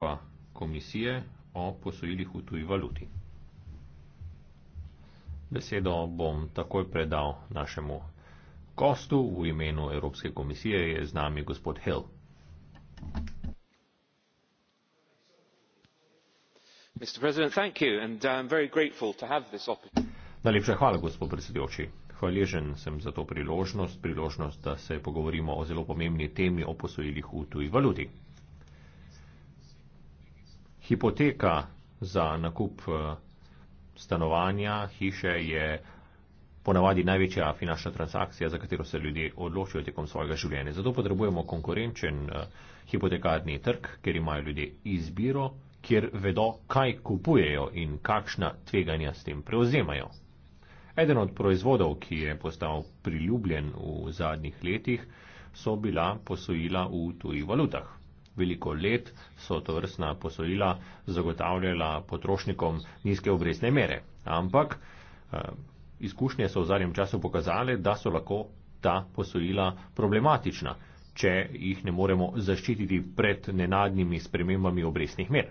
uredba komisije o posojilih v tuji valuti. Besedo bom takoj predal našemu kostu v imenu Evropske komisije, je z nami gospod Hill. Uh, Najlepša hvala, gospod predsedujoči. Hvaležen sem za to priložnost, priložnost, da se pogovorimo o zelo pomembni temi o posojilih v tuji valuti. Hipoteka za nakup eh, stanovanja, hiše je ponavadi največja finančna transakcija, za katero se ljudje odločijo tekom svojega življenja. Zato potrebujemo konkurenčen eh, hipotekarni trg, ker imajo ljudje izbiro, kjer vedo, kaj kupujejo in kakšna tveganja s tem prevzemajo. Eden od proizvodov, ki je postal priljubljen v zadnjih letih, so bila posojila v tuji valutah veliko let so to vrstna posojila zagotavljala potrošnikom nizke obrestne mere. Ampak eh, izkušnje so v zadnjem času pokazale, da so lahko ta posojila problematična, če jih ne moremo zaščititi pred nenadnimi spremembami obrestnih mer.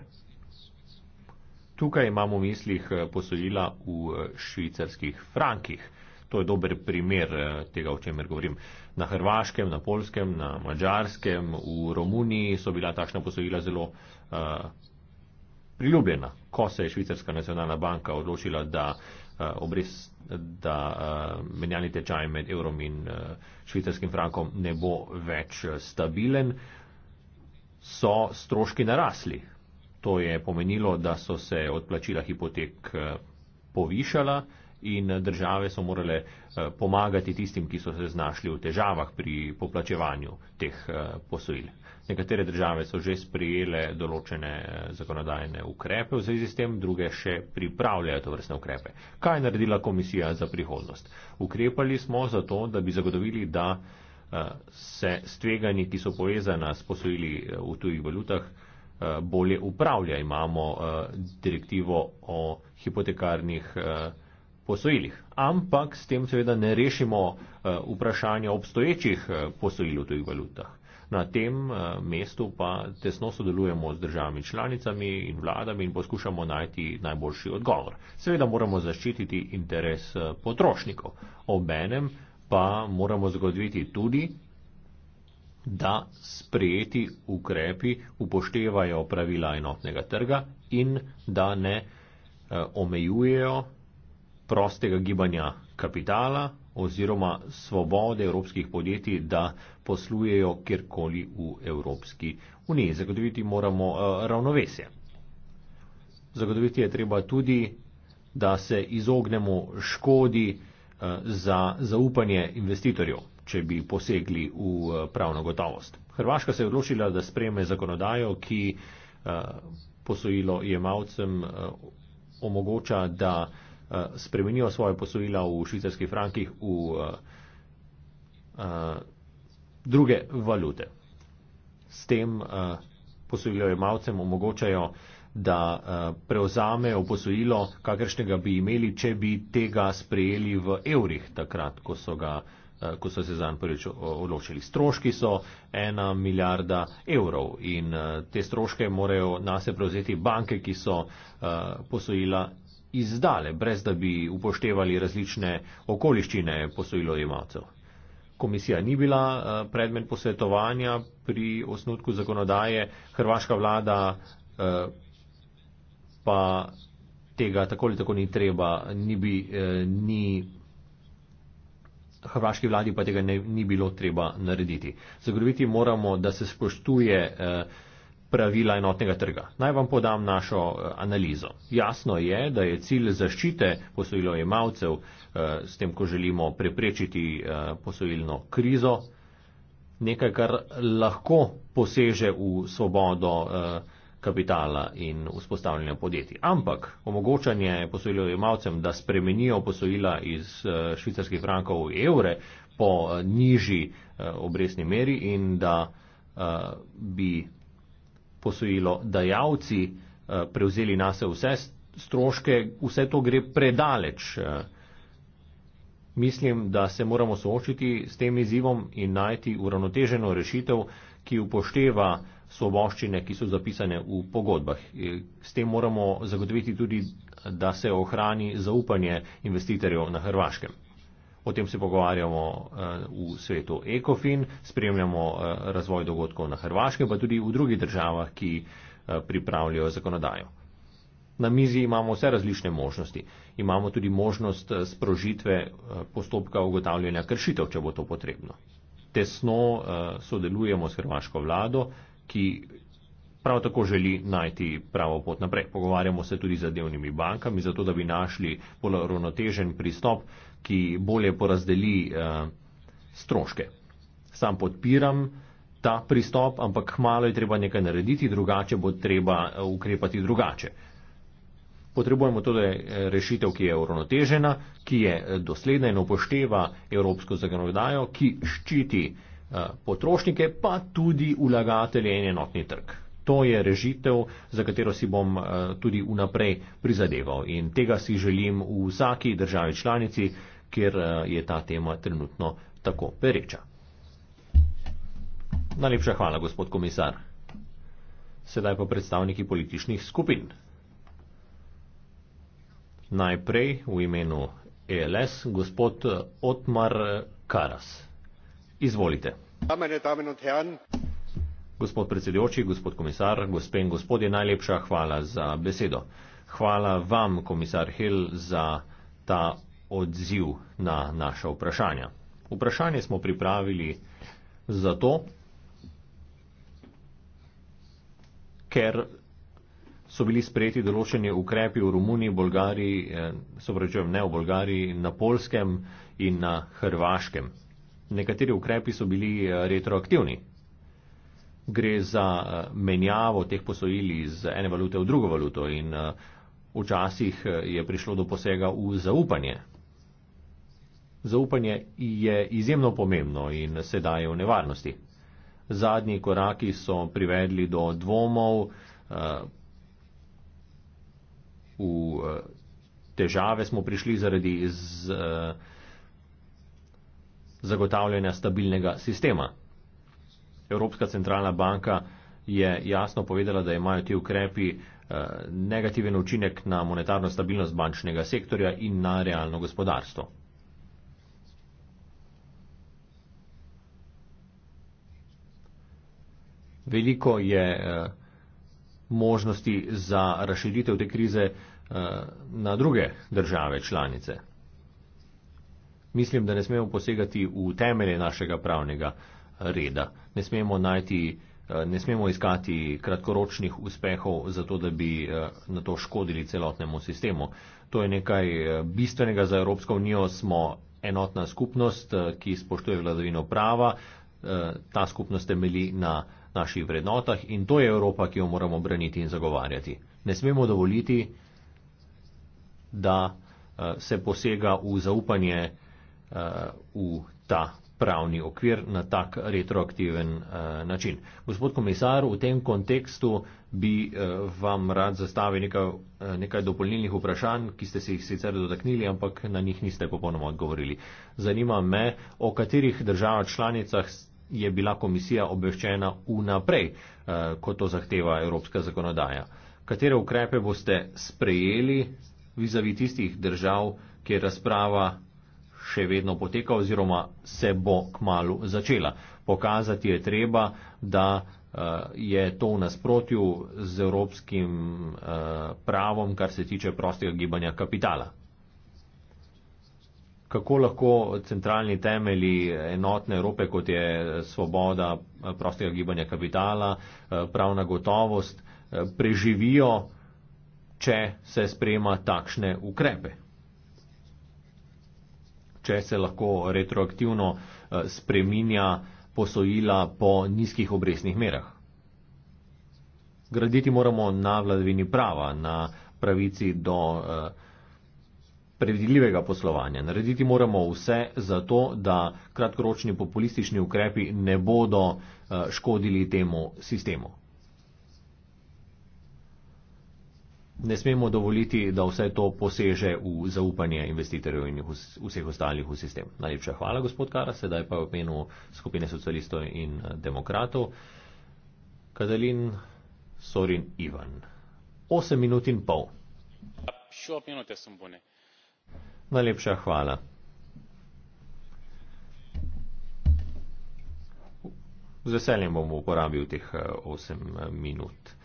Tukaj imamo v mislih eh, posojila v eh, švicarskih frankih. To je dober primer eh, tega, o čemer govorim. Na Hrvaškem, na Polskem, na Mačarskem, v Romuniji so bila takšna posojila zelo uh, priljubljena. Ko se je Švicarska nacionalna banka odločila, da, uh, obres, da uh, menjalni tečaj med evrom in uh, švicarskim frankom ne bo več stabilen, so stroški narasli. To je pomenilo, da so se odplačila hipotek povišala. Uh, in države so morale eh, pomagati tistim, ki so se znašli v težavah pri poplačevanju teh eh, posojil. Nekatere države so že sprejele določene eh, zakonodajne ukrepe v zvezi s tem, druge še pripravljajo to vrstne ukrepe. Kaj je naredila komisija za prihodnost? Ukrepali smo zato, da bi zagotovili, da se stveganji, ki so povezana s posojili v tujih valutah, bolje upravlja. Imamo direktivo o hipotekarnih posojilih. Ampak s tem seveda ne rešimo eh, vprašanja obstoječih eh, posojil v tujih valutah. Na tem eh, mestu pa tesno sodelujemo z državami članicami in vladami in poskušamo najti najboljši odgovor. Seveda moramo zaščititi interes potrošnikov, obenem pa moramo zagotoviti tudi, da sprejeti ukrepi upoštevajo pravila enotnega trga in da ne omejujejo prostega gibanja kapitala oziroma svobode evropskih podjetij, da poslujejo kjerkoli v Evropski uniji. Zagotoviti moramo eh, ravnovesje. Zagotoviti je treba tudi, da se izognemo škodi eh, za zaupanje investitorjev, če bi posegli v eh, pravno gotovost. Hrvaška se je odločila, da spreme zakonodajo, ki posojilo jemalcem omogoča, da Eh, spremenijo svoje posojila v švicarskih frankih, v eh, eh, druge valute. S tem posojilojemalcem omogočajo, da prevzamejo posojilo, kakršnega bi imeli, če bi tega sprejeli v evrih takrat, ko so ga ko so se zanj prvič odločili. Stroški so ena milijarda evrov in te stroške morajo nase prevzeti banke, ki so posojila izdale, brez da bi upoštevali različne okoliščine posojilojemalcev. Komisija ni bila eh, predmet posvetovanja pri osnutku zakonodaje, hrvaška vlada eh, pa tega tako ali tako ni treba, ni bi, eh, ni, hrvaški vladi pa tega ne, ni bilo treba narediti. Zagotoviti moramo, da se spoštuje eh, pravila enotnega trga. Naj vam podam našo eh, analizo. Jasno je, da je cilj zaščite posojilojemalcev eh, s tem, ko želimo preprečiti eh, posojilno krizo, nekaj, kar lahko poseže v svobodo kapitala in vzpostavljanje podjetij. Ampak omogočanje posojilojemalcem, da spremenijo posojila iz švicarskih frankov v evre po nižji obresni meri in da bi posojilo dajavci eh, prevzeli na se vse stroške, vse to gre predaleč. Eh. Mislim, da se moramo soočiti s tem izzivom in najti uravnoteženo rešitev, ki upošteva svoboščine, ki so zapisane v pogodbah. Eh, s tem moramo zagotoviti tudi, da se ohrani zaupanje investitorjev na Hrvaškem. O tem se pogovarjamo eh, v svetu ECOFIN, spremljamo eh, razvoj dogodkov na Hrvaškem, pa tudi v drugih državah, ki eh, pripravljajo zakonodajo. Na mizi imamo vse različne možnosti. Imamo tudi možnost sprožitve postopka ugotavljanja kršitev, če bo to potrebno. Tesno sodelujemo s hrvaško vlado, ki prav tako želi najti pravo pot naprej. Pogovarjamo se tudi z zadevnimi bankami, zato da bi našli bolj ravnotežen pristop, ki bolje porazdeli eh, stroške. Sam podpiram ta pristop, ampak malo je treba nekaj narediti, drugače bo treba eh, ukrepati drugače. Potrebujemo tudi torej, eh, rešitev, ki je uravnotežena, ki je eh, dosledna in upošteva evropsko zakonodajo, ki ščiti potrošnike, pa tudi ulagatelje in enotni trg to je rešitev, za katero si bom eh, tudi vnaprej prizadeval. In tega si želim v vsaki državi članici, kjer eh, je ta tema trenutno tako pereča. Najlepša hvala, gospod komisar. Sedaj pa predstavniki političnih skupin. Najprej v imenu ELS gospod Otmar Karas. Izvolite. Gospod predsedujoči, gospod komisar, gospe in gospodje, najlepša hvala za besedo. Hvala vam, komisar Hill, za ta odziv na naša vprašanja. Vprašanje smo pripravili zato, ker so bili sprejeti določeni ukrepi v Romuniji, Bolgariji, eh, sovražujem ne v Bolgariji, na Polskem in na Hrvaškem. Nekateri ukrepi so bili eh, retroaktivni, gre za eh, menjavo teh posojil iz ene valute v drugo valuto in eh, včasih eh, je prišlo do posega v zaupanje. Zaupanje je izjemno pomembno in sedaj je v nevarnosti. Zadnji koraki so privedli do dvomov, v težave smo prišli zaradi z, zagotavljanja stabilnega sistema. Evropska centralna banka je jasno povedala, da imajo ti ukrepi eh, negativen učinek na monetarno stabilnost bančnega sektorja in na realno gospodarstvo. Veliko je eh, možnosti za razširitev te krize eh, na druge države članice. Mislim, da ne smemo posegati v temelje našega pravnega reda. Ne smemo, najti, eh, ne smemo iskati kratkoročnih uspehov, zato da bi eh, na to škodili celotnemu sistemu. To je nekaj eh, bistvenega za Evropsko unijo. Smo enotna skupnost, ki spoštuje vladavino prava. Ta skupnost temeli na naših vrednotah in to je Evropa, ki jo moramo braniti in zagovarjati. Ne smemo dovoliti, da se posega v zaupanje v ta pravni okvir na tak retroaktiven uh, način. Gospod komisar, v tem kontekstu bi uh, vam rad zastavil nekaj, uh, eh, nekaj dopolnilnih vprašanj, ki ste se jih sicer dotaknili, ampak na njih niste popolnoma odgovorili. Zanima me, o katerih državah članicah je bila komisija obveščena vnaprej, uh, ko to zahteva evropska zakonodaja. Katere ukrepe boste sprejeli vizavi tistih držav, kjer razprava še vedno poteka oziroma se bo kmalo začela. Pokazati je treba, da eh, je to v nasprotju z evropskim eh, pravom, kar se tiče prostega gibanja kapitala. Kako lahko centralni temelji eh, enotne Evrope, kot je svoboda prostega gibanja kapitala, pravna gotovost, preživijo, če se sprema takšne ukrepe? če se lahko retroaktivno eh, spreminja posojila po nizkih obresnih merah. Graditi moramo na vladavini prava, na pravici do eh, predvidljivega poslovanja. Narediti moramo vse za to, da kratkoročni populistični ukrepi ne bodo eh, škodili temu sistemu. ne smemo dovoliti, da vse to poseže v zaupanje investitorjev in vseh ostalih v sistem. Najlepša hvala, gospod Kara, sedaj pa v imenu skupine socialistov in eh, demokratov. Kazalin Sorin Ivan. Osem minut in pol. Najlepša hvala. Z veseljem bom uporabil teh eh, osem eh, minut.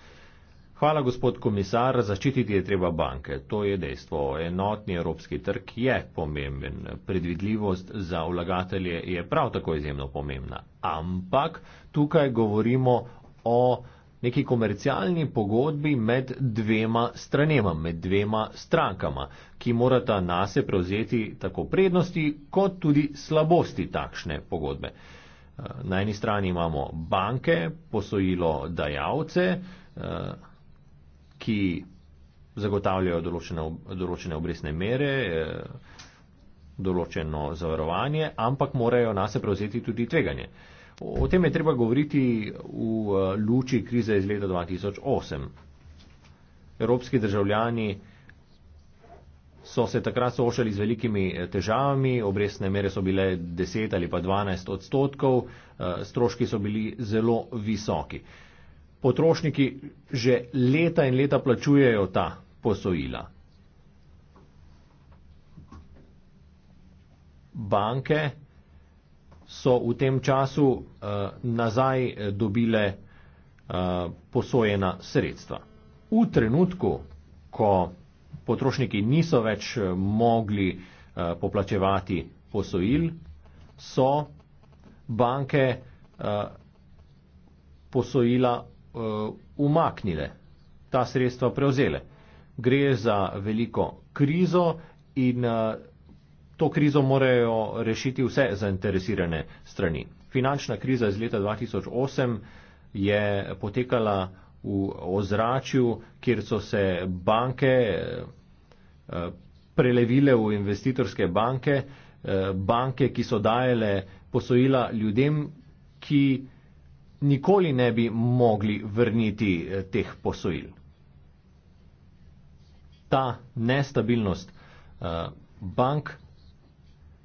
Hvala, gospod komisar, zaščititi je treba banke. To je dejstvo. Enotni evropski trg je pomemben. Predvidljivost za vlagatelje je prav tako izjemno pomembna. Ampak tukaj govorimo o neki komercialni pogodbi med dvema stranema, med dvema strankama, ki morata nase prevzeti tako prednosti kot tudi slabosti takšne pogodbe. Na eni strani imamo banke, posojilo dajalce, eh, ki zagotavljajo določene, določene obresne mere, eh, določeno zavarovanje, ampak morajo nase prevzeti tudi tveganje. O tem je treba govoriti v eh, luči krize iz leta 2008. Evropski državljani so se takrat soočali z velikimi eh, težavami, obresne mere so bile 10 ali pa 12 odstotkov, stroški so bili zelo visoki potrošniki že leta in leta plačujejo ta posojila. Banke so v tem času uh, nazaj eh, dobile uh, posojena sredstva. V trenutku, ko potrošniki niso več mogli uh, poplačevati posojil, so banke uh, posojila uh, umaknile, ta sredstva prevzele. Gre za veliko krizo in uh, to krizo morajo rešiti vse zainteresirane strani. Finančna kriza iz leta 2008 je potekala v ozračju, kjer so se banke eh, prelevile v investitorske banke, banke, ki so dajale posojila ljudem, ki nikoli ne bi mogli vrniti eh, teh posojil. Ta nestabilnost eh, bank,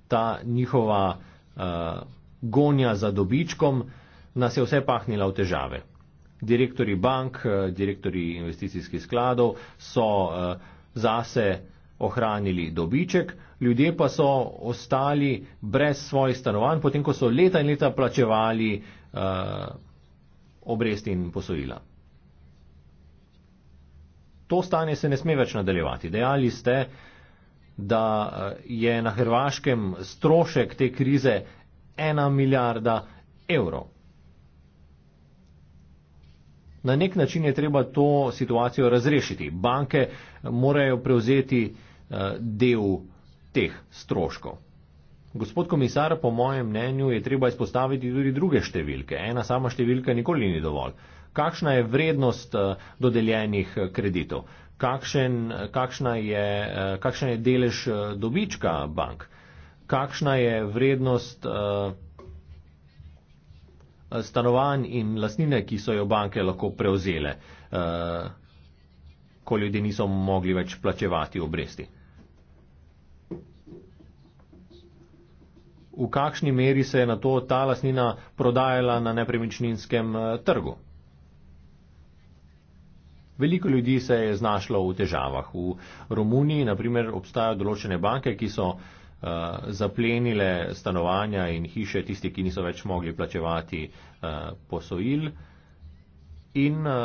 ta njihova eh, gonja za dobičkom nas je vse pahnila v težave. Direktori bank, direktori investicijskih skladov so zase ohranili dobiček, ljudje pa so ostali brez svojih stanovanj, potem ko so leta in leta plačevali obresti in posojila. To stanje se ne sme več nadaljevati. Dejali ste, da eh, je na Hrvaškem strošek te krize ena milijarda evrov. Na nek način je treba to situacijo razrešiti. Banke morajo prevzeti eh, del teh stroškov. Gospod komisar, po mojem mnenju je treba izpostaviti tudi druge številke. Ena sama številka nikoli ni dovolj. Kakšna je vrednost eh, dodeljenih eh, kreditov? Kakšen, eh, kakšna je, kakšen je delež dobička bank? Kakšna je vrednost stanovanj in lasnine, ki so jo banke lahko prevzele, ko ljudje niso mogli več plačevati obresti? v kakšni meri se je na to ta lasnina prodajala na nepremičninskem eh, trgu. Veliko ljudi se je znašlo v težavah. V Romuniji, naprimer, obstajajo določene banke, ki so uh, zaplenile stanovanja in hiše tisti, ki niso več mogli plačevati uh, posojil. In uh,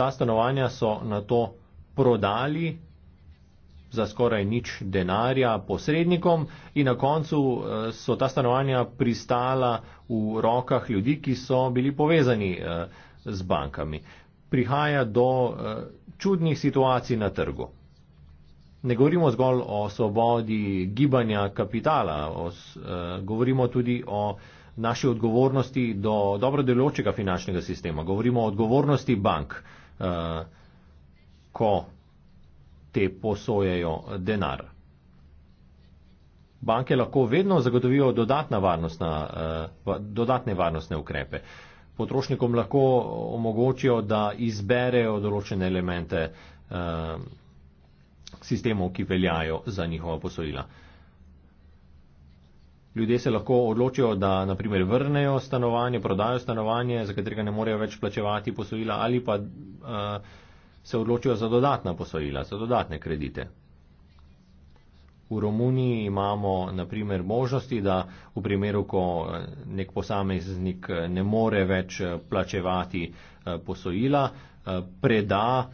ta stanovanja so na to prodali za skoraj nič denarja posrednikom in na koncu eh, so ta stanovanja pristala v rokah ljudi, ki so bili povezani eh, z bankami. Prihaja do eh, čudnih situacij na trgu. Ne govorimo zgolj o svobodi gibanja kapitala, govorimo tudi o naši odgovornosti do dobro delujočega finančnega sistema, govorimo o odgovornosti bank, ko te posojajo denar. Banke lahko vedno zagotovijo varnostna, eh, dodatne varnostne ukrepe. Potrošnikom lahko omogočijo, da izberejo določene elemente eh, sistemov, ki veljajo za njihova posojila. Ljudje se lahko odločijo, da naprimer vrnejo stanovanje, prodajo stanovanje, za katerega ne morejo več plačevati posojila ali pa uh, se odločijo za dodatna posojila, za dodatne kredite. V Romuniji imamo naprimer možnosti, da v primeru, ko eh, nek posameznik eh, ne more več eh, plačevati posojila, preda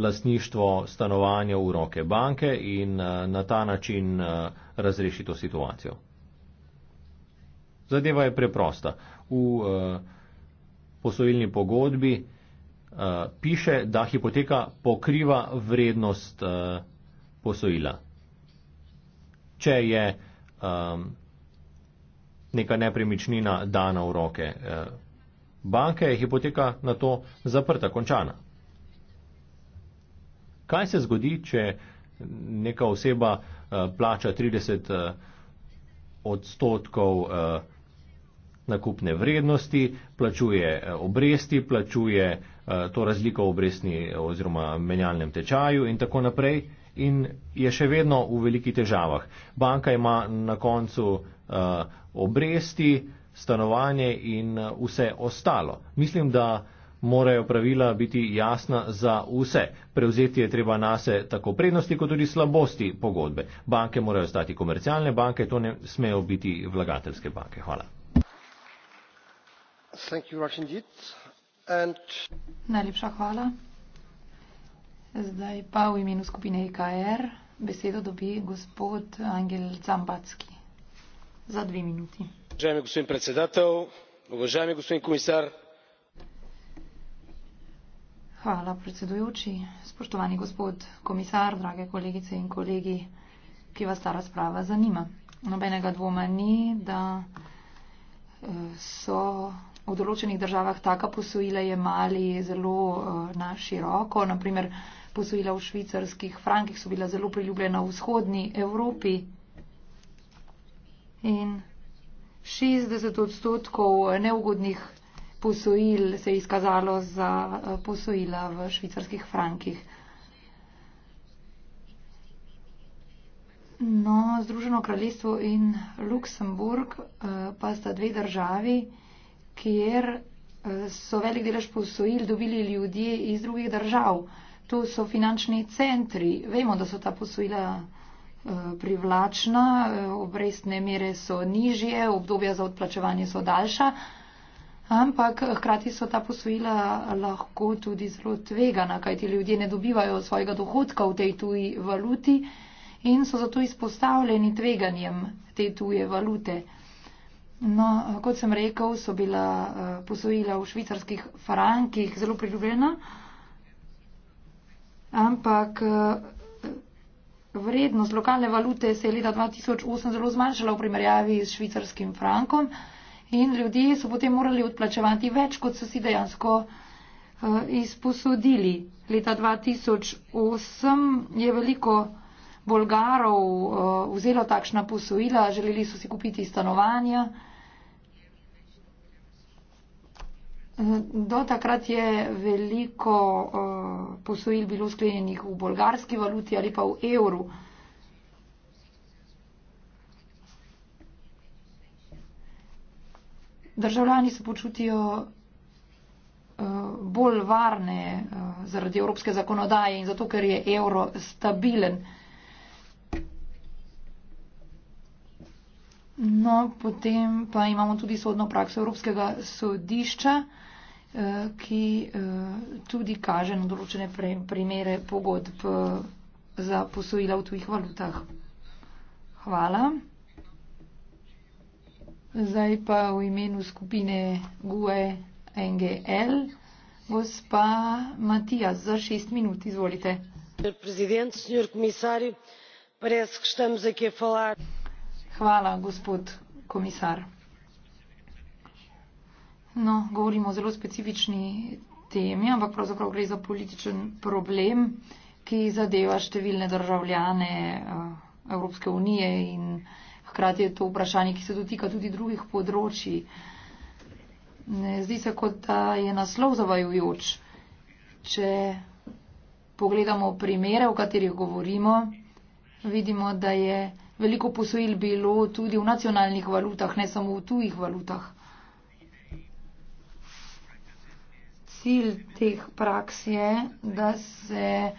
lasništvo stanovanja v roke banke in na ta način razreši to situacijo. Zadeva je preprosta. V posojilni pogodbi Eh, piše, da hipoteka pokriva vrednost eh, posojila. Če je neka nepremičnina dana v roke eh, banke, je hipoteka na to zaprta, končana. Kaj se zgodi, če neka oseba plača 30 odstotkov? nakupne vrednosti, plačuje eh, obresti, plačuje eh, to razliko v obrestni eh, oziroma menjalnem tečaju in tako naprej in je še vedno v velikih težavah. Banka ima na koncu obresti, stanovanje in vse ostalo. Mislim, da morajo pravila biti jasna za vse. Prevzeti je treba nase tako prednosti, kot tudi slabosti pogodbe. Banke morajo stati komercialne banke, to ne smejo biti vlagateljske banke. Hvala. Najlepša hvala. Zdaj pa v imenu skupine IKR e besedo dobi gospod Angel Zambacki za dve minuti. Uvažajmi gospod predsedatelj, uvažajmi gospod komisar. Hvala predsedujoči, spoštovani gospod komisar, drage kolegice in kolegi, ki vas ta razprava zanima. Nobenega dvoma ni, da eh, so v določenih državah taka posojila jemali zelo eh, na široko. Naprimer, posojila v švicarskih frankih so bila zelo priljubljena v vzhodni Evropi. In 60 odstotkov neugodnih posojil se je izkazalo za eh, posojila v švicarskih frankih. No, Združeno kraljestvo in Luksemburg eh, pa sta dve državi, kjer eh, so velik delež posojil dobili ljudje iz drugih držav. To so finančni centri. Vemo, da so ta posojila eh, privlačna, eh, obrestne mere so nižje, obdobja za odplačevanje so daljša, ampak hkrati so ta posojila lahko tudi zelo tvegana, kajti ljudje ne dobivajo svojega dohodka v tej tuji valuti in so zato izpostavljeni tveganjem te tuje valute. No, kot sem rekel, so bila eh, posojila v švicarskih frankih zelo priljubljena, ampak eh, vrednost lokalne valute se je leta 2008 zelo zmanjšala v primerjavi s švicarskim frankom in ljudje so potem morali odplačevati več, kot so si dejansko eh, izposodili. Leta 2008 je veliko. Bolgarov uh, vzelo takšna posojila, želeli so si kupiti stanovanja. Uh, Do takrat je veliko uh, posojil bilo sklenjenih v bolgarski valuti ali pa v evru. Državljani se počutijo uh, bolj varne uh, zaradi evropske zakonodaje in zato, ker je evro stabilen. No, potem pa imamo tudi sodno prakso Evropskega sodišča. Eh, ki eh, tudi kaže na določene primere pogodb eh, za posojila v tujih valutah. Hvala. Zdaj pa v imenu skupine GUE NGL gospa Matija za šest minut. Izvolite. Hvala, gospod komisar. No, govorimo o zelo specifični temi, ampak pravzaprav gre za političen problem, ki zadeva številne državljane eh, Evropske unije in hkrati je to vprašanje, ki se dotika tudi drugih področji. Ne, zdi se, kot da je naslov zavajujoč. Če pogledamo primere, o katerih govorimo, vidimo, da je veliko posojil bilo tudi v nacionalnih valutah, ne samo v tujih valutah. cilj teh praks je, da se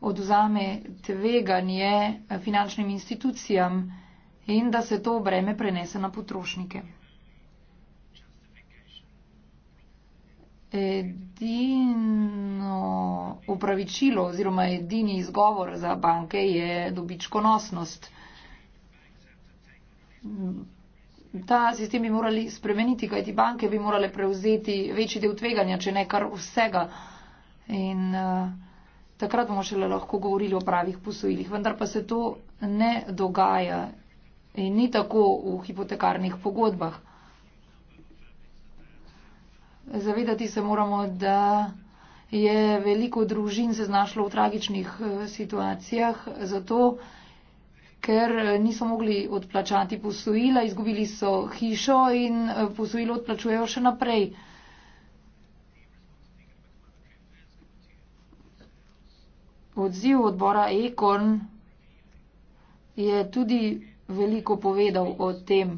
oduzame tveganje finančnim institucijam in da se to breme prenese na potrošnike. Edino upravičilo oziroma edini izgovor za banke je dobičkonosnost. Ta sistem bi morali spremeniti, kajti banke bi morale prevzeti večji del tveganja, če ne kar vsega. In uh, takrat bomo šele lahko govorili o pravih posojilih. Vendar pa se to ne dogaja in ni tako v hipotekarnih pogodbah. Zavedati se moramo, da je veliko družin se znašlo v tragičnih eh, situacijah, zato ker eh, niso mogli odplačati posojila, izgubili so hišo in eh, posojilo odplačujejo še naprej. Odziv odbora Ekon je tudi veliko povedal o tem.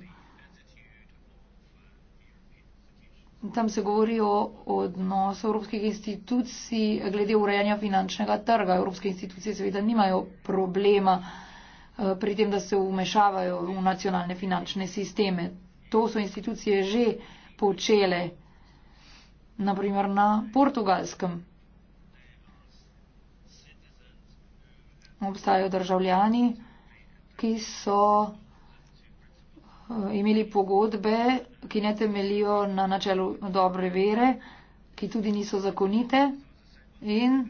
Tam se govori o odnosu evropskih institucij glede urejanja finančnega trga. Evropske institucije seveda nimajo problema. Eh, pri tem, da se umešavajo v nacionalne finančne sisteme. To so institucije že počele, naprimer na portugalskem. Obstajajo državljani, ki so eh, imeli pogodbe, ki ne temelijo na načelu dobre vere, ki tudi niso zakonite in eh,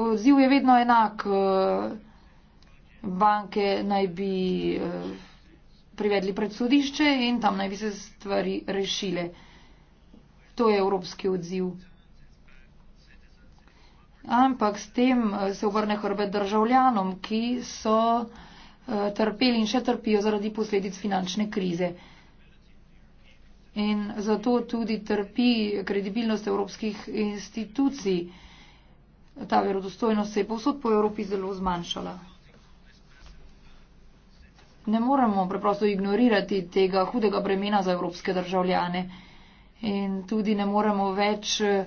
odziv je vedno enak banke naj bi eh, privedli pred sodišče in tam naj bi se stvari rešile. To je evropski odziv. Ampak s tem eh, se obrne hrbet državljanom, ki so eh, trpeli in še trpijo zaradi posledic finančne krize. In zato tudi trpi kredibilnost evropskih institucij. Ta verodostojnost se je povsod po Evropi zelo zmanjšala ne moremo preprosto ignorirati tega hudega bremena za evropske državljane in tudi ne moremo več eh,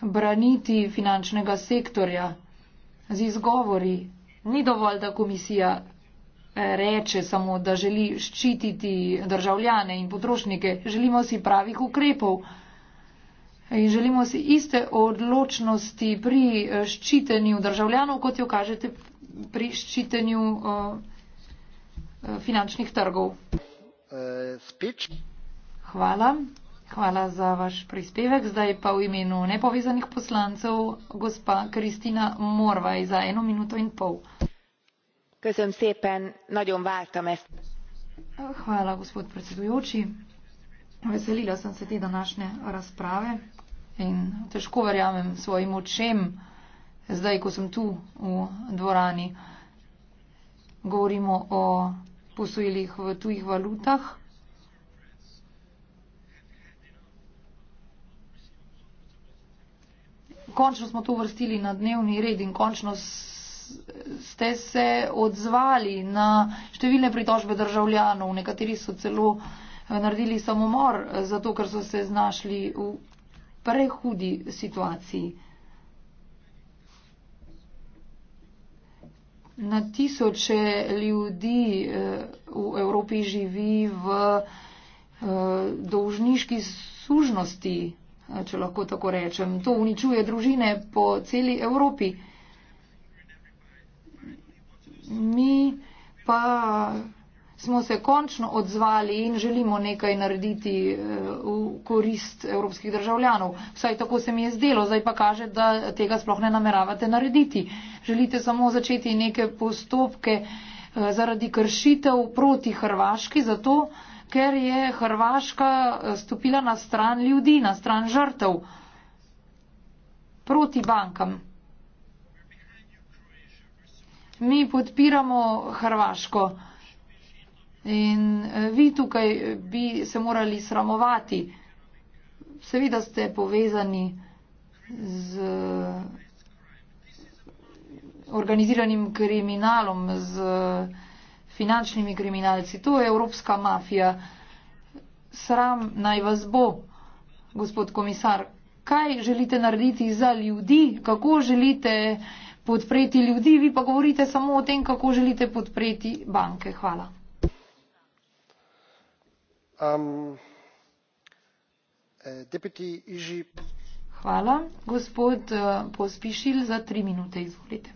braniti finančnega sektorja z izgovori. Ni dovolj, da komisija eh, reče samo, da želi ščititi državljane in potrošnike. Želimo si pravih ukrepov in želimo si iste odločnosti pri eh, ščitenju državljanov, kot jo kažete pri ščitenju. Uh, Eh, finančnih trgov. Hvala. Hvala za vaš prispevek. Zdaj pa v imenu nepovezanih poslancev gospa Kristina Morvaj za eno minuto in pol. Hvala, gospod predsedujoči. Veselila sem se te današnje razprave in težko verjamem svojim očem, zdaj, ko sem tu v dvorani. Govorimo o posojilih v tujih valutah. Končno smo to vrstili na dnevni red in končno ste se odzvali na številne pritožbe državljanov. Nekateri so celo eh, naredili samomor, eh, zato ker so se znašli v prehudi situaciji. na tisoče ljudi eh, v Evropi živi v eh, dolžniški služnosti, eh, če lahko tako rečem. To uničuje družine po celi Evropi. Mi pa smo se končno odzvali in želimo nekaj narediti eh, v korist evropskih državljanov. Vsaj tako se mi je zdelo, zdaj pa kaže, da tega sploh ne nameravate narediti. Želite samo začeti neke postopke eh, zaradi kršitev proti Hrvaški, zato ker je Hrvaška eh, stopila na stran ljudi, na stran žrtev proti bankam. Mi podpiramo Hrvaško. In eh, vi tukaj bi se morali sramovati. Seveda ste povezani z organiziranim kriminalom, z finančnimi kriminalci. To je evropska mafija. Sram naj vas bo, gospod komisar. Kaj želite narediti za ljudi? Kako želite podpreti ljudi? Vi pa govorite samo o tem, kako želite podpreti banke. Hvala. Um, eh, hvala. Gospod eh, Pospišil za tri minute, izvolite.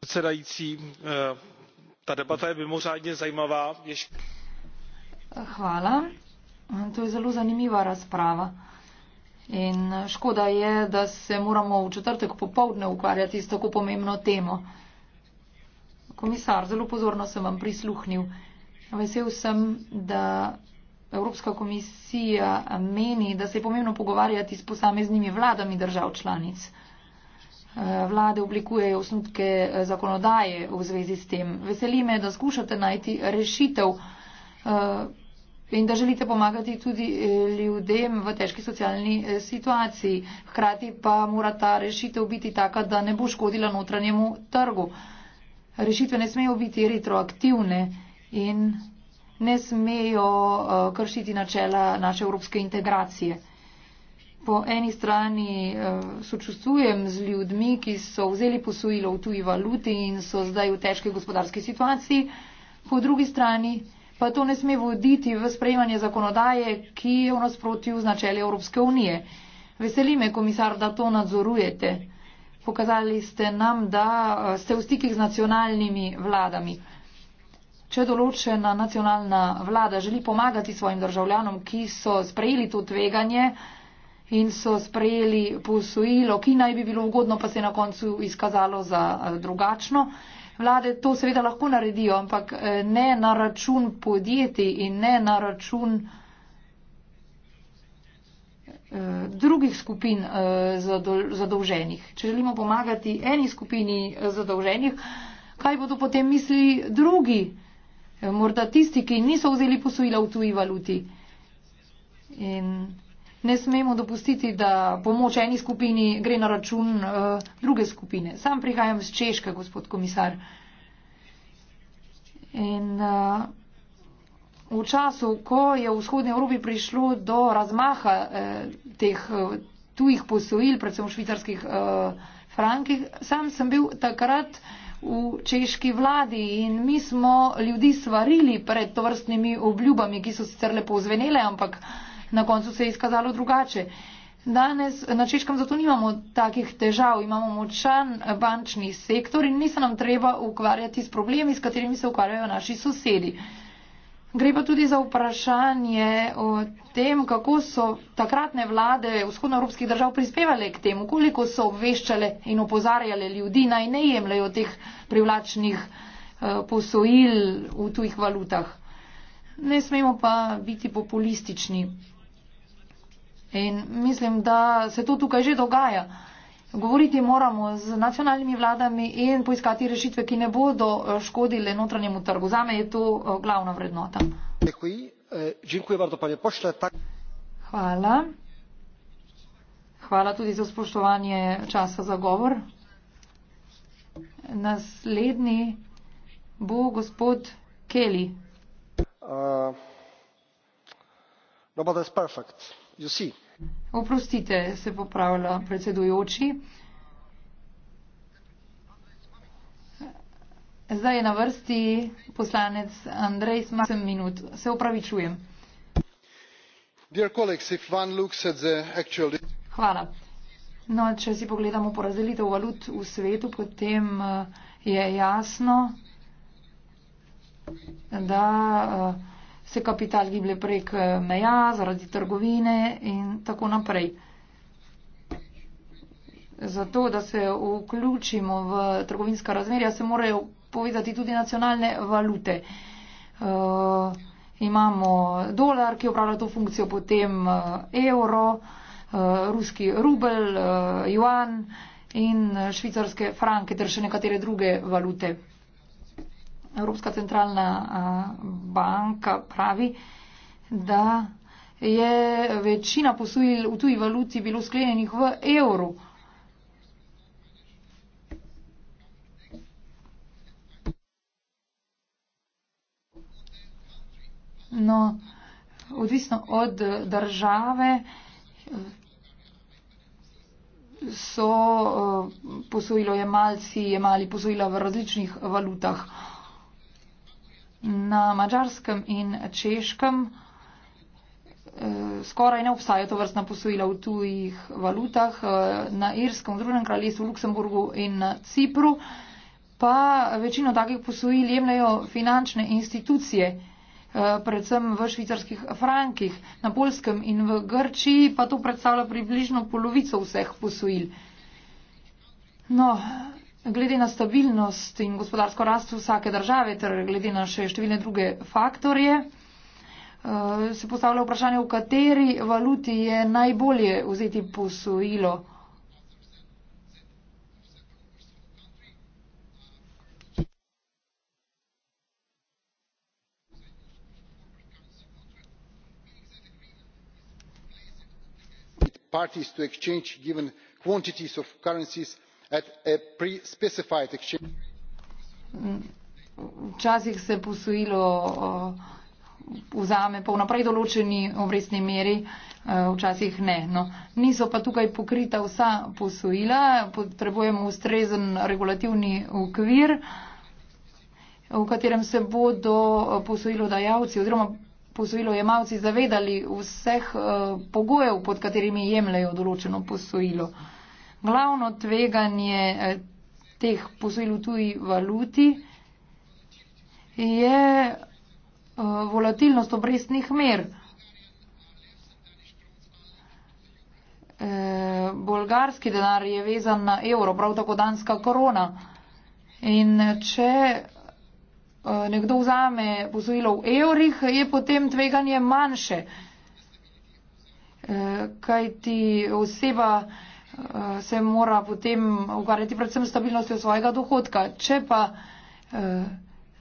Predsedající, eh, ta debata je mimořádně zajímavá. Hvala. To je zelo zanimiva razprava. In škoda je, da se moramo v četrtek popovdne ukvarjati s tako pomembno temo. Komisar, zelo pozorno sem vam prisluhnil. Vesel sem, da Evropska komisija meni, da se je pomembno pogovarjati s posameznimi vladami držav članic. Eh, vlade oblikujejo osnutke eh, zakonodaje v zvezi s tem. Veseli me, da skušate najti rešitev eh, in da želite pomagati tudi ljudem v težki socialni situaciji. Hkrati pa mora ta rešitev biti taka, da ne bo škodila notranjemu trgu. Rešitve ne smejo biti retroaktivne in ne smejo eh, kršiti načela naše evropske integracije. Po eni strani eh, sočustvujem z ljudmi, ki so vzeli posojilo v tuji valuti in so zdaj v težki gospodarski situaciji, po drugi strani pa to ne sme voditi v sprejemanje zakonodaje, ki je v nasprotju z načeli Evropske unije. Veseli me, komisar, da to nadzorujete. Pokazali ste nam, da eh, ste v stikih z nacionalnimi vladami če določena nacionalna vlada želi pomagati svojim državljanom, ki so sprejeli to tveganje in so sprejeli posojilo, ki naj bi bilo ugodno, pa se je na koncu izkazalo za eh, drugačno. Vlade to seveda lahko naredijo, ampak eh, ne na račun podjetij in ne na račun eh, drugih skupin zadolženih. Če želimo pomagati eni skupini zadolženih, kaj bodo potem mislili drugi? Eh, morda tisti, ki niso vzeli posojila v tuji valuti. In ne smemo dopustiti, da pomoč eni skupini gre na račun uh, druge skupine. Sam prihajam z Češke, gospod komisar. In uh, v času, ko je v vzhodni Evropi prišlo do razmaha uh, teh uh, tujih posojil, predvsem v švicarskih uh, frankih, sam sem bil takrat uh, v češki vladi in mi smo ljudi svarili pred tovrstnimi obljubami, ki so sicer lepo zvenele, ampak na koncu se je izkazalo drugače. Danes na češkem zato nimamo takih težav, imamo močan bančni sektor in ni se nam treba ukvarjati s problemi, s katerimi se ukvarjajo naši sosedi. Gre pa tudi za vprašanje o tem, kako so takratne vlade vzhodnoevropskih držav prispevale k temu, koliko so obveščale in opozarjale ljudi naj ne jemljajo teh privlačnih eh, posojil v tujih valutah. Ne smemo pa biti populistični. In mislim, da se to tukaj že dogaja. Govoriti moramo z nacionalnimi vladami in poiskati rešitve, ki ne bodo eh, škodile notranjemu trgu. Zame je to eh, glavna vrednota. E, Hvala. Hvala tudi za spoštovanje časa za govor. Naslednji bo gospod Kelly. Uh, Oprostite, se popravlja predsedujoči. Zdaj je na vrsti poslanec Andrej s 8 minut. Se upravičujem. Hvala. No, če si pogledamo porazdelitev valut v svetu, potem eh, je jasno, da. Uh, se kapital giblje prek eh, meja zaradi trgovine in tako naprej. Zato, da se vključimo v trgovinska razmerja, se morajo povezati tudi nacionalne valute. Uh, imamo dolar, ki upravlja to funkcijo, potem eh, evro, uh, ruski rubel, uh, juan in švicarske franke ter še nekatere druge valute. Evropska centralna banka pravi, da je večina posojil v tuji valuti bilo sklenjenih v evru. No, odvisno od države so posojilo jemalci, jemali posojila v različnih valutah na mačarskem in češkem eh, skoraj ne obstajajo to vrstna posojila v tujih valutah, eh, na Irskem, v drugem kraljestvu, Luksemburgu in na Cipru, pa večino takih posojil jemljajo finančne institucije, eh, predvsem v švicarskih frankih, na Polskem in v Grčiji, pa to predstavlja približno polovico vseh posojil. No, Glede na stabilnost in gospodarsko rast vsake države ter glede na še številne druge faktorje, eh, se postavlja vprašanje, v kateri valuti je najbolje vzeti posojilo. parties to exchange given quantities of currencies at a pre specified exchange Včasih se posojilo eh, vzame po naprej določeni obrestni meri, eh, včasih ne. No. Niso pa tukaj pokrita vsa posojila, potrebujemo ustrezen regulativni okvir, v katerem se bodo eh, posojilodajalci oziroma posojilojemalci zavedali vseh pogojev, pod katerimi jemljajo določeno posojilo. Glavno tveganje eh, teh posojil v tuji valuti je eh, volatilnost obrestnih mer. Eh, bolgarski denar je vezan na evro, prav tako danska korona. In če nekdo vzame posojilo v evrih, je potem tveganje manjše. Kaj ti oseba, Eh, se mora potem ukvarjati predvsem stabilnostjo svojega dohodka. Če pa eh,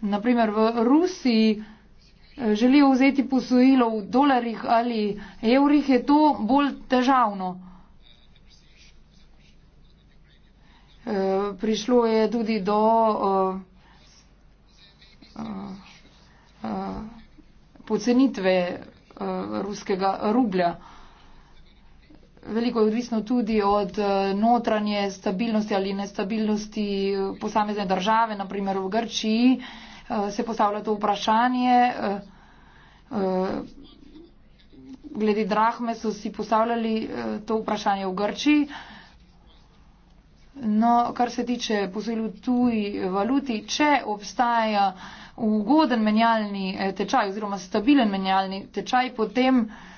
naprimer v Rusiji eh, želijo vzeti posojilo v dolarjih ali evrih, je to bolj težavno. Prišlo je tudi do pocenitve ruskega rublja veliko je odvisno tudi od eh, notranje stabilnosti ali nestabilnosti eh, posamezne države, naprimer v Grčiji eh, se postavlja to vprašanje. Glede drahme so si postavljali to vprašanje v Grčiji. No, kar se tiče posojil v tuji valuti, če obstaja ugoden menjalni tečaj oziroma stabilen menjalni tečaj, potem eh,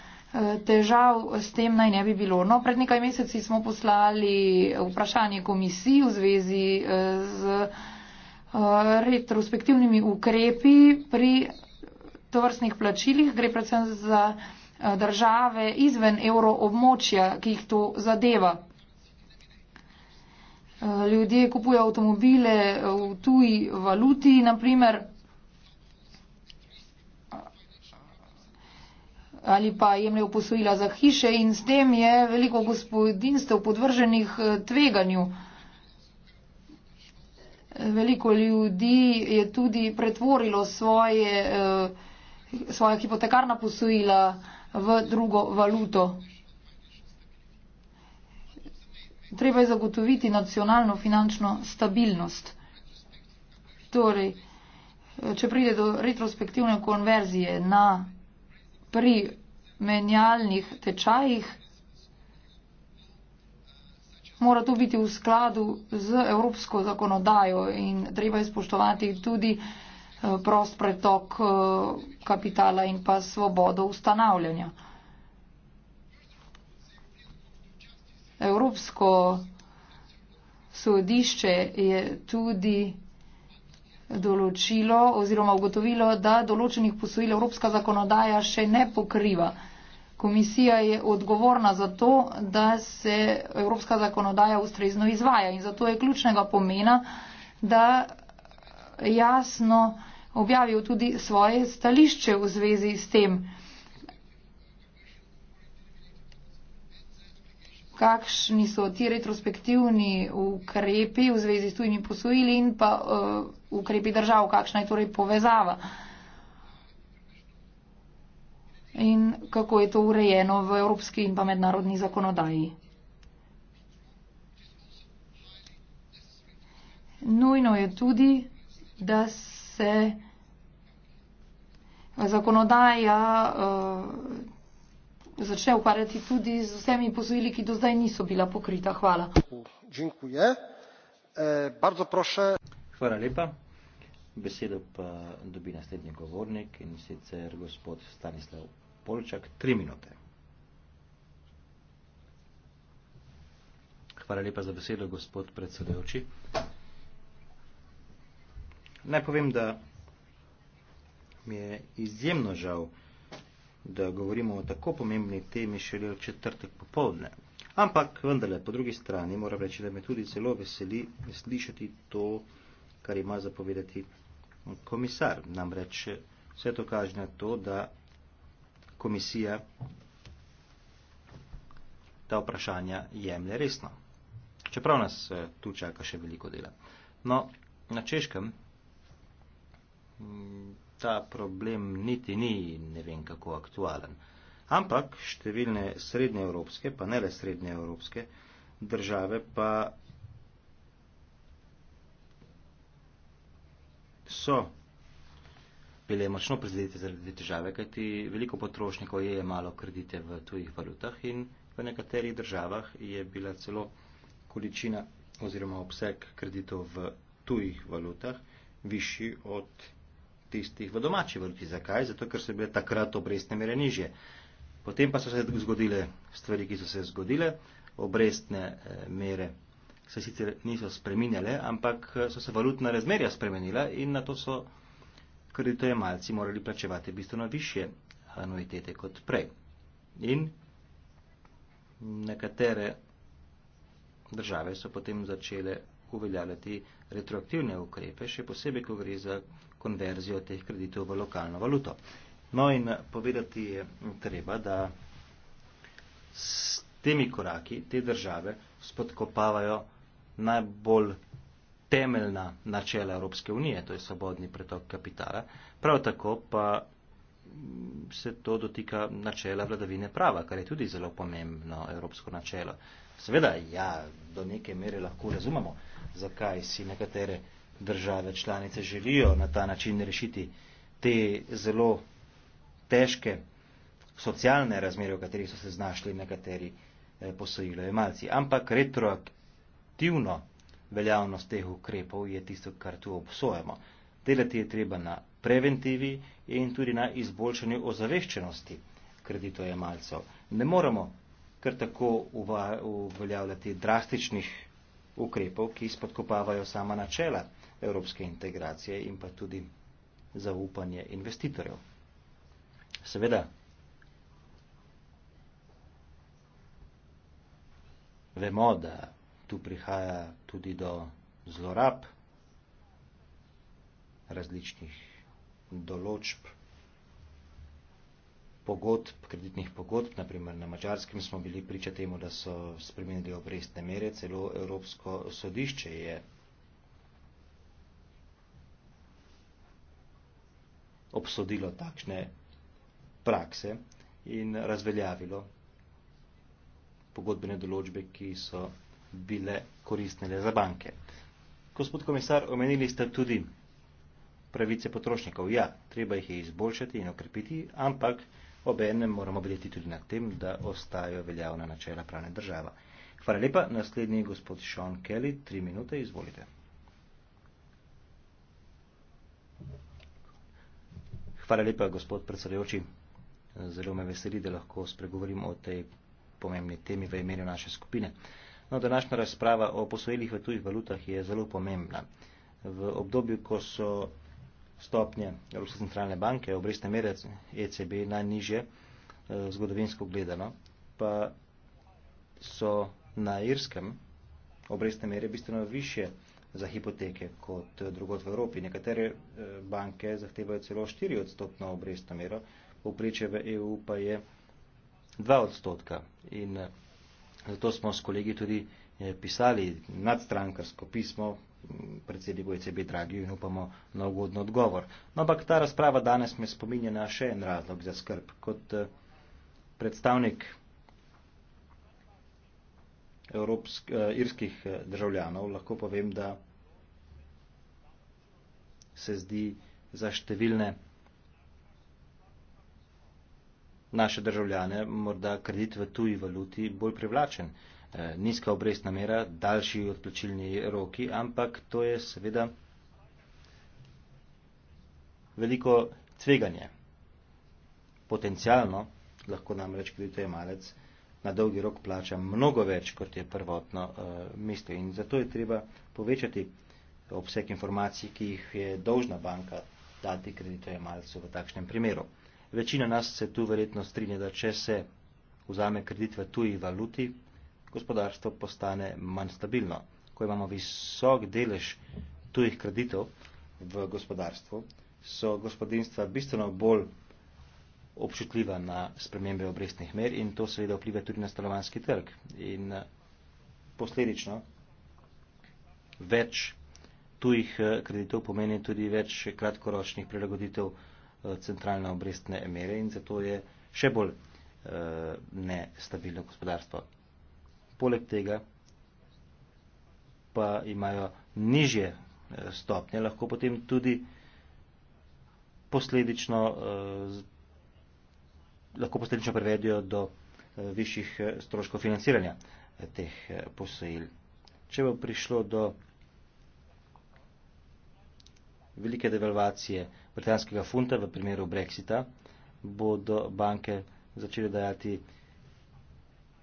težav s tem naj ne bi bilo. No, pred nekaj meseci smo poslali vprašanje komisiji v zvezi eh, z eh, retrospektivnimi ukrepi pri tovrstnih plačilih. Gre predvsem za eh, države izven evroobmočja, ki jih to zadeva. Ljudje kupujejo avtomobile v tuji valuti, naprimer. ali pa jemljajo posojila za hiše in s tem je veliko gospodinstv podvrženih eh, tveganju. Veliko ljudi je tudi pretvorilo svoje, eh, svoje hipotekarna posojila v drugo valuto. Treba je zagotoviti nacionalno finančno stabilnost. Torej, eh, če pride do retrospektivne konverzije na pri menjalnih tečajih mora to biti v skladu z evropsko zakonodajo in treba je spoštovati tudi eh, prost pretok eh, kapitala in pa svobodo ustanavljanja. Evropsko sodišče je tudi določilo oziroma ugotovilo, da določenih posojil evropska zakonodaja še ne pokriva. Komisija je odgovorna za to, da se evropska zakonodaja ustrezno izvaja in zato je ključnega pomena, da jasno objavijo tudi svoje stališče v zvezi s tem. kakšni so ti retrospektivni ukrepi v zvezi s tujimi posojili in pa uh, ukrepi držav, kakšna je torej povezava. In kako je to urejeno v evropski in pa mednarodni zakonodaji. Nujno je tudi, da se zakonodaja. Uh, začne ukvarjati tudi z vsemi posojili, ki do zdaj niso bila pokrita. Hvala. E, Hvala lepa. Besedo pa dobi naslednji govornik in sicer gospod Stanislav Polčak. Tri minute. Hvala lepa za besedo, gospod predsedujoči. Naj povem, da mi je izjemno žal, da govorimo o tako pomembni temi šele v četrtek popovdne. Ampak vendarle, po drugi strani moram reči, da me tudi zelo veseli slišati to, kar ima zapovedati komisar. Namreč vse to kaže na to, da komisija ta vprašanja jemlje resno. Čeprav nas eh, tu čaka še veliko dela. No, na češkem ta problem niti ni ne vem kako aktualen. Ampak številne srednje evropske, pa ne le srednje evropske države, pa so bile močno prizadete zaradi težave, kajti veliko potrošnikov je malo kredite v tujih valutah in v nekaterih državah je bila celo količina oziroma obseg kreditov v tujih valutah višji od tistih v domači valuti. Zakaj? Zato, ker so bile takrat obrestne mere nižje. Potem pa so se zgodile stvari, ki so se zgodile. Obrestne eh, mere se sicer niso spreminjale, ampak eh, so se valutna razmerja spremenila in na to so kreditojemalci morali plačevati bistveno više anuitete kot prej. In nekatere države so potem začele uveljavljati retroaktivne ukrepe, še posebej, ko gre za konverzijo teh kreditov v lokalno valuto. No in povedati je treba, da s temi koraki te države spodkopavajo najbolj temeljna načela Evropske unije, to je svobodni pretok kapitala, prav tako pa se to dotika načela vladavine prava, kar je tudi zelo pomembno evropsko načelo. Seveda, ja, do neke mere lahko razumemo, zakaj si nekatere države članice želijo na ta način rešiti te zelo težke socialne razmere, v katerih so se znašli nekateri eh, posojilojemalci. Ampak retroaktivno veljavnost teh ukrepov je tisto, kar tu obsojamo. Delati je treba na preventivi in tudi na izboljšanju ozaveščenosti kreditojemalcev. Ne moramo kar tako uveljavljati drastičnih ukrepov, ki spodkopavajo sama načela evropske integracije in pa tudi zaupanje investitorjev. Seveda, vemo, da tu prihaja tudi do zlorab različnih določb, pogodb, kreditnih pogodb, naprimer na Mačarskem smo bili priča temu, da so spremenili obrestne mere, celo Evropsko sodišče je obsodilo takšne prakse in razveljavilo pogodbene določbe, ki so bile koristnele za banke. Gospod komisar, omenili ste tudi pravice potrošnikov. Ja, treba jih je izboljšati in okrepiti, ampak obenem moramo bedeti tudi na tem, da ostajo veljavna načela pravne država. Hvala lepa, naslednji gospod Sean Kelly, tri minute, izvolite. Hvala lepa, gospod predsedujoči. Zelo me veseli, da lahko spregovorim o tej pomembni temi v imenu naše skupine. No, današnja razprava o posojilih v tujih valutah je zelo pomembna. V obdobju, ko so stopnje Evropske centralne banke, obrestne mere ECB najniže, eh, zgodovinsko gledano, pa so na irskem obrestne mere bistveno više za hipoteke kot eh, drugot v Evropi. Nekatere eh, banke zahtevajo celo 4 odstotno obrestno mero, vpreče v EU pa je 2 odstotka. In eh, zato smo s kolegi tudi pisali nadstrankarsko pismo mm, predsedniku ECB Dragi in upamo na ugodno odgovor. No, ampak ta razprava danes me spominja na še en razlog za skrb. Kot predstavnik evropsk, eh, irskih eh, državljanov, lahko povem, da se zdi za številne naše državljane morda kredit v tuji valuti bolj privlačen. Eh, nizka obrestna mera, daljši odplačilni roki, ampak to je seveda veliko tveganje. Potencialno lahko namreč kreditojemalec eh, na dolgi rok plača mnogo več, kot je prvotno uh, mislil. In zato je treba povečati obseg informacij, ki jih je dolžna banka dati kreditojemalcu v takšnem primeru. Večina nas se tu verjetno strinja, da če se vzame kredit v tuji valuti, gospodarstvo postane manj stabilno. Ko imamo visok delež tujih kreditov v gospodarstvu, so gospodinstva bistveno bolj občutljiva na spremembe obrestnih mer in to seveda vpliva tudi na stanovanski trg. In eh, posledično več tujih eh, kreditov pomeni tudi več kratkoročnih prilagoditev eh, centralne obrestne mere in zato je še bolj nestabilno gospodarstvo. Poleg tega pa imajo nižje stopnje, lahko potem tudi posledično lahko posledično privedijo do eh, višjih eh, stroškov financiranja eh, teh posojil. Če bo prišlo do velike devalvacije britanskega funta v primeru Brexita, bodo banke začele dajati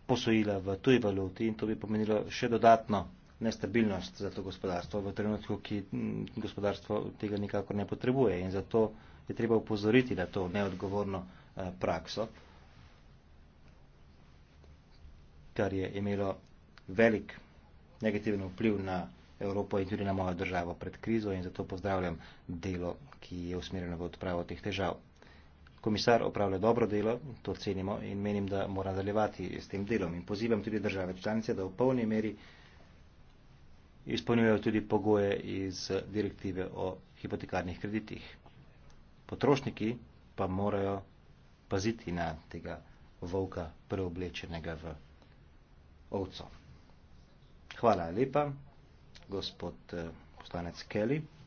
posojila v tuji valuti in to bi pomenilo še dodatno nestabilnost za to gospodarstvo v trenutku, ki mm, gospodarstvo tega nikakor ne potrebuje in zato je treba upozoriti, da to neodgovorno Eh, prakso, kar je imelo velik negativen vpliv na Evropo in tudi na mojo državo pred krizo in zato pozdravljam delo, ki je usmerjeno v odpravo teh težav. Komisar opravlja dobro delo, to cenimo in menim, da mora nadaljevati s tem delom in pozivam tudi države članice, da v polni meri izpolnjujejo tudi pogoje iz direktive o hipotekarnih kreditih. Potrošniki pa morajo paziti na tega volka preoblečenega v ovco. Hvala lepa, gospod eh, poslanec Kelly.